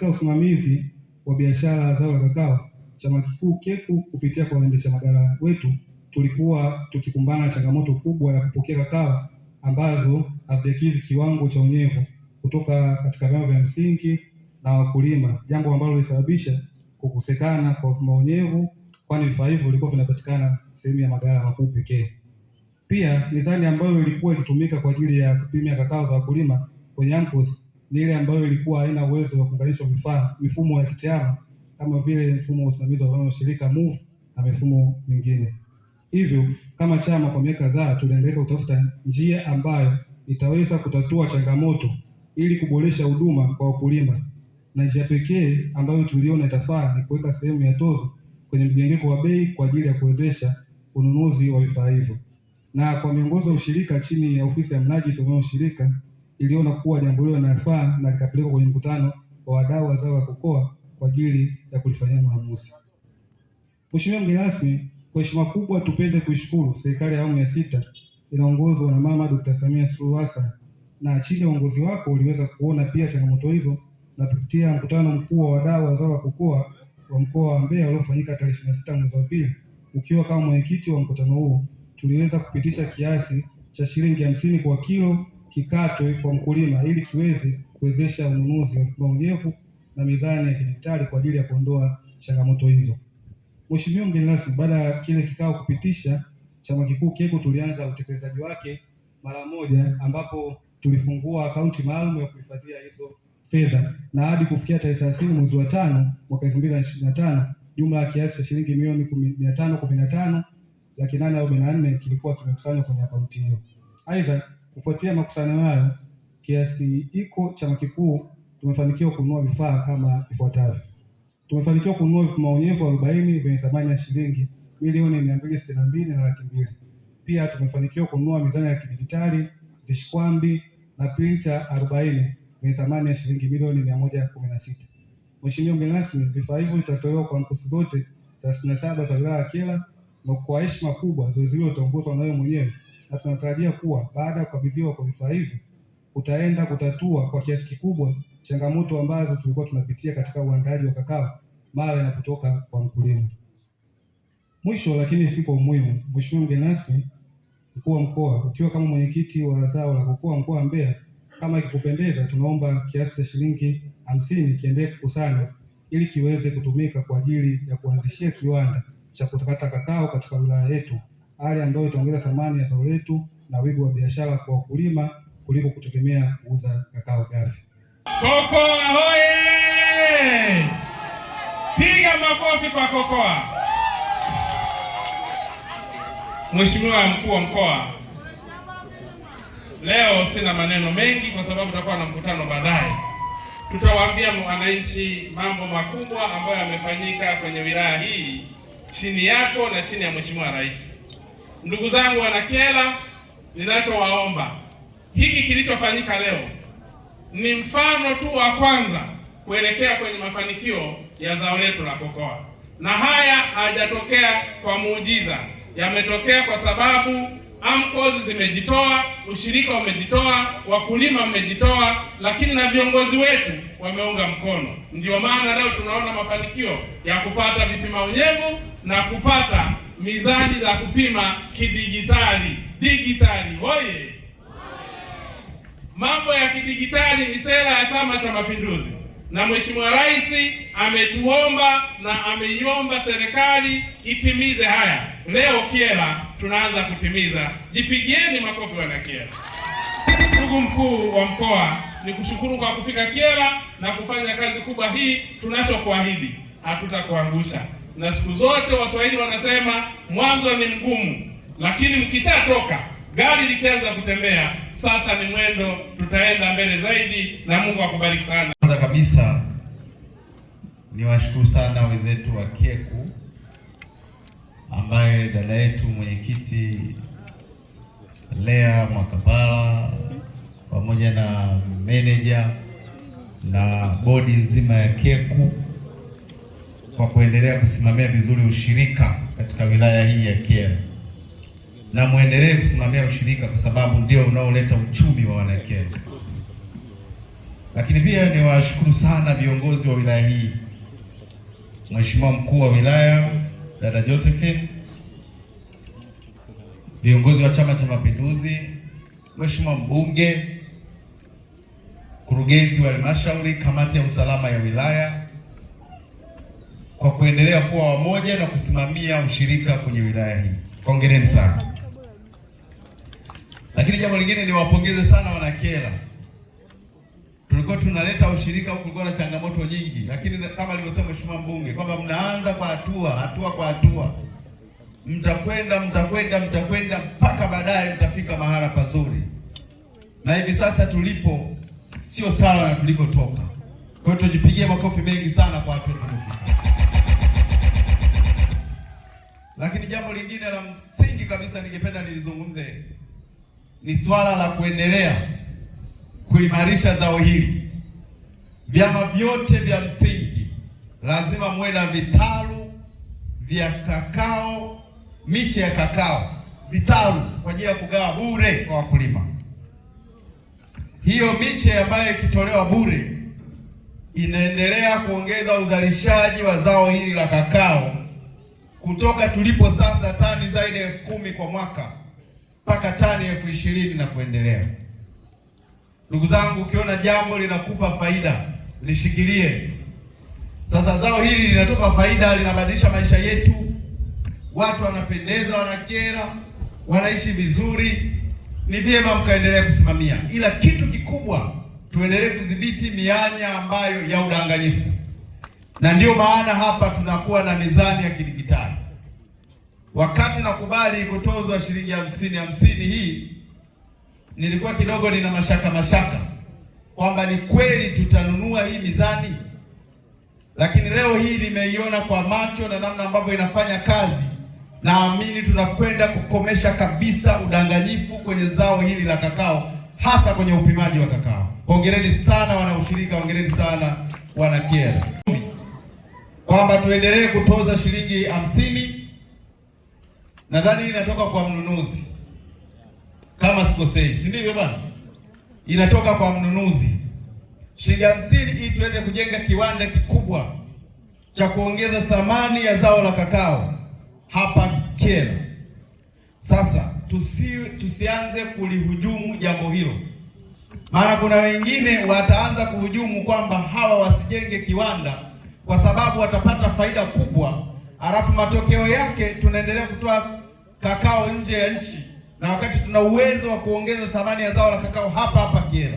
Katika usimamizi wa biashara zao la kakao, chama kikuu KECU kupitia kwa waendesha magala wetu tulikuwa tukikumbana na changamoto kubwa ya kupokea kakao ambazo hazijakidhi kiwango cha unyevu kutoka katika vyama vya msingi na wakulima, jambo ambalo lilisababisha kukosekana kwa vipima unyevu, kwani vifaa hivyo vilikuwa vinapatikana sehemu ya magara makuu pekee. Pia mizani ambayo ilikuwa ikitumika kwa ajili ya kupimia kakao za wakulima kwenye AMCOS ni ile ambayo ilikuwa haina uwezo wa kuunganishwa vifaa mifumo ya kitiama kama vile mfumo wa usimamizi wa vyama shirika MUF na mifumo mingine. Hivyo kama chama kwa miaka kadhaa tuliendelea kutafuta njia ambayo itaweza kutatua changamoto ili kuboresha huduma kwa wakulima, na njia pekee ambayo tuliona itafaa ni kuweka sehemu ya tozo kwenye mjengeko wa bei kwa ajili ya kuwezesha ununuzi wa vifaa hivyo. Na kwa miongozo ya ushirika chini ya ofisi ya mnajisi wa shirika iliona kuwa jambo hilo linafaa na likapelekwa kwenye mkutano wa wadau wa zao la kokoa kwa ajili ya kulifanyia maamuzi. Mheshimiwa mgeni rasmi, kwa heshima kubwa tupende kuishukuru serikali ya awamu ya sita inaongozwa na Mama Dr. Samia Suluhu Hassan, na chini ya uongozi wako uliweza kuona pia changamoto hizo na kupitia mkutano mkuu wa wadau wa zao la kokoa wa mkoa wa Mbeya uliofanyika tarehe 26 mwezi wa pili, ukiwa kama mwenyekiti wa mkutano huu, tuliweza kupitisha kiasi cha shilingi hamsini kwa kilo kikatwe kwa mkulima ili kiweze kuwezesha ununuzi wa vipima unyevu na mizani ya kidijitali kwa ajili ya kuondoa changamoto hizo. Mheshimiwa mgeni rasmi, baada ya kile kikao kupitisha, chama kikuu KECO tulianza utekelezaji wake mara moja, ambapo tulifungua akaunti maalum ya kuhifadhia hizo fedha na hadi kufikia tarehe 30 mwezi wa tano mwaka 2025 jumla ya kiasi cha shilingi milioni 515 laki nane arobaini na nne kilikuwa kimekusanywa kwenye akaunti hiyo. Aidha, Kufuatia makutano hayo, kiasi iko chama kikuu tumefanikiwa kununua vifaa kama ifuatavyo. Tumefanikiwa kununua vipima unyevu arobaini vyenye thamani ya shilingi milioni mia mbili sitini na mbili na laki mbili. Pia tumefanikiwa kununua mizani ya kidijitali, vishikwambi na printa arobaini vyenye thamani ya shilingi milioni mia moja kumi na sita. Mheshimiwa mgeni rasmi, vifaa hivyo vitatolewa kwa mkosi zote thelathini na saba za wilaya ya Kyela na kwa heshima kubwa zoezi hilo utaongozwa na wewe mwenyewe na tunatarajia kuwa baada ya kukabidhiwa kwa vifaa hivi utaenda kutatua kwa kiasi kikubwa changamoto ambazo tulikuwa tunapitia katika uandaaji wa kakao mara inapotoka kwa mkulima. Mwisho lakini si kwa umuhimu, Mheshimiwa mgeni rasmi, mkuu wa mkoa, ukiwa kama mwenyekiti wa zao la kokoa mkoa wa Mbeya, kama ikikupendeza, tunaomba kiasi cha shilingi hamsini kiendelee kukusanywa ili kiweze kutumika kwa ajili ya kuanzishia kiwanda cha kutakata kakao katika wilaya yetu hali ambayo itaongeza thamani ya zao letu na wigo wa biashara kwa wakulima kuliko kutegemea kuuza kakao ghafi. Kokoa hoye! Piga makofi kwa kokoa. Mheshimiwa mkuu wa mkoa, leo sina maneno mengi kwa sababu tutakuwa na mkutano baadaye. Tutawaambia wananchi mambo makubwa ambayo yamefanyika kwenye wilaya hii chini yako na chini ya Mheshimiwa Rais. Ndugu zangu Wanakyela, ninachowaomba hiki kilichofanyika leo ni mfano tu wa kwanza kuelekea kwenye mafanikio ya zao letu la kokoa, na haya hayajatokea kwa muujiza, yametokea kwa sababu AMCOS zimejitoa, ushirika umejitoa, wakulima wamejitoa, lakini na viongozi wetu wameunga mkono. ndio maana leo tunaona mafanikio ya kupata vipima unyevu na kupata mizani za kupima kidijitali digitali. Oye, mambo ya kidijitali ni sera ya Chama cha Mapinduzi, na Mheshimiwa Rais ametuomba na ameiomba serikali itimize haya. Leo Kyela tunaanza kutimiza. Jipigieni makofi wana Kyela. Ndugu mkuu wa mkoa, ni kushukuru kwa kufika Kyela na kufanya kazi kubwa hii. Tunachokuahidi hatutakuangusha na siku zote Waswahili wanasema mwanzo ni mgumu, lakini mkishatoka gari likianza kutembea, sasa ni mwendo, tutaenda mbele zaidi, na Mungu akubariki sana. Kwanza kabisa niwashukuru sana wenzetu wa keku ambaye dada yetu mwenyekiti Lea Mwakapala pamoja na meneja na bodi nzima ya keku kwa kuendelea kusimamia vizuri ushirika katika wilaya hii ya Kyela, na muendelee kusimamia ushirika kwa sababu ndio unaoleta uchumi wa Wanakyela. Lakini pia niwashukuru sana viongozi wa wilaya hii, Mheshimiwa mkuu wa wilaya dada Josephine, viongozi wa Chama cha Mapinduzi, Mheshimiwa mbunge, mkurugenzi wa halmashauri, kamati ya usalama ya wilaya kwa kuendelea kuwa wamoja na kusimamia ushirika kwenye wilaya hii. Hongereni sana. Lakini jambo lingine niwapongeze sana wanakela. Tulikuwa tunaleta ushirika huku, kulikuwa na changamoto nyingi, lakini kama alivyosema mheshimiwa mbunge kwamba mnaanza kwa hatua hatua kwa hatua, mtakwenda mtakwenda mtakwenda mpaka baadaye mtafika mahala pazuri, na hivi sasa tulipo sio sawa na tulikotoka. Kwa hiyo tujipigie makofi mengi sana kwa hatua tulifika. Lakini jambo lingine la msingi kabisa ningependa nilizungumze ni swala la kuendelea kuimarisha zao hili. Vyama vyote vya msingi lazima muwe na vitalu vya kakao, miche ya kakao, vitalu kwa ajili ya kugawa bure kwa wakulima. Hiyo miche ambayo ikitolewa bure inaendelea kuongeza uzalishaji wa zao hili la kakao kutoka tulipo sasa tani zaidi ya elfu kumi kwa mwaka mpaka tani elfu ishirini na kuendelea. Ndugu zangu, ukiona jambo linakupa faida lishikilie. Sasa zao hili linatupa faida, linabadilisha maisha yetu, watu wanapendeza, wanakera, wanaishi vizuri, ni vyema mkaendelea kusimamia, ila kitu kikubwa tuendelee kudhibiti mianya ambayo ya udanganyifu na ndio maana hapa tunakuwa na mizani ya kidigitali. Wakati nakubali kutozwa shilingi hamsini hamsini hii, nilikuwa kidogo nina mashaka mashaka kwamba ni kweli tutanunua hii mizani, lakini leo hii nimeiona kwa macho na namna ambavyo inafanya kazi, naamini tunakwenda kukomesha kabisa udanganyifu kwenye zao hili la kakao, hasa kwenye upimaji wa kakao. Hongereni sana wanaushirika, hongereni sana wanakiera kwamba tuendelee kutoza shilingi hamsini, nadhani inatoka kwa mnunuzi kama sikosei, si ndivyo bwana? Inatoka kwa mnunuzi shilingi hamsini ili tuweze kujenga kiwanda kikubwa cha kuongeza thamani ya zao la kakao hapa Kyela. Sasa tusi, tusianze kulihujumu jambo hilo, maana kuna wengine wataanza kuhujumu kwamba hawa wasijenge kiwanda kwa sababu watapata faida kubwa, halafu matokeo yake tunaendelea kutoa kakao nje ya nchi, na wakati tuna uwezo wa kuongeza thamani ya zao la kakao hapa hapa Kyela.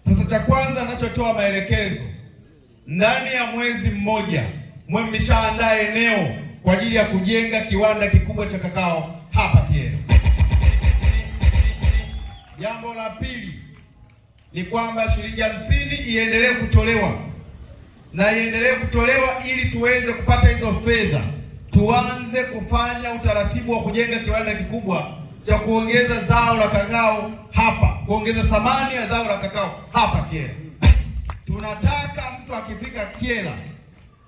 Sasa cha kwanza ninachotoa maelekezo, ndani ya mwezi mmoja mwe mmeshaandaa eneo kwa ajili ya kujenga kiwanda kikubwa cha kakao hapa Kyela. Jambo la pili ni kwamba shilingi hamsini iendelee kutolewa na iendelee kutolewa ili tuweze kupata hizo fedha, tuanze kufanya utaratibu wa kujenga kiwanda kikubwa cha kuongeza zao la kakao hapa, kuongeza thamani ya zao la kakao hapa Kyela. Tunataka mtu akifika Kyela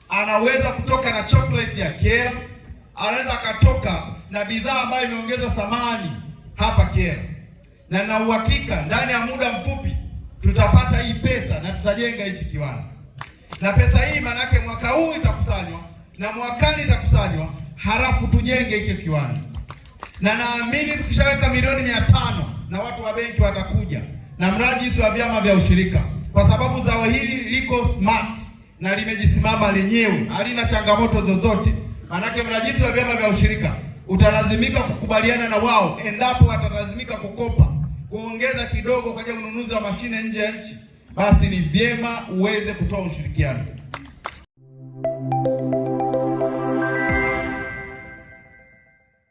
anaweza kutoka na chocolate ya Kyela, anaweza akatoka na bidhaa ambayo imeongeza thamani hapa Kyela, na na uhakika ndani ya muda mfupi tutapata hii pesa na tutajenga hichi kiwanda na pesa hii maanake mwaka huu itakusanywa na mwakani itakusanywa, halafu tujenge hicho kiwanda, na naamini tukishaweka milioni mia tano na watu wa benki watakuja na mrajisi wa vyama vya ushirika, kwa sababu zao hili liko smart na limejisimama lenyewe, halina changamoto zozote. Maanake mrajisi wa vyama vya ushirika utalazimika kukubaliana na wao endapo watalazimika kukopa kuongeza kidogo kwenye ununuzi wa mashine nje ya nchi basi ni vyema uweze kutoa ushirikiano.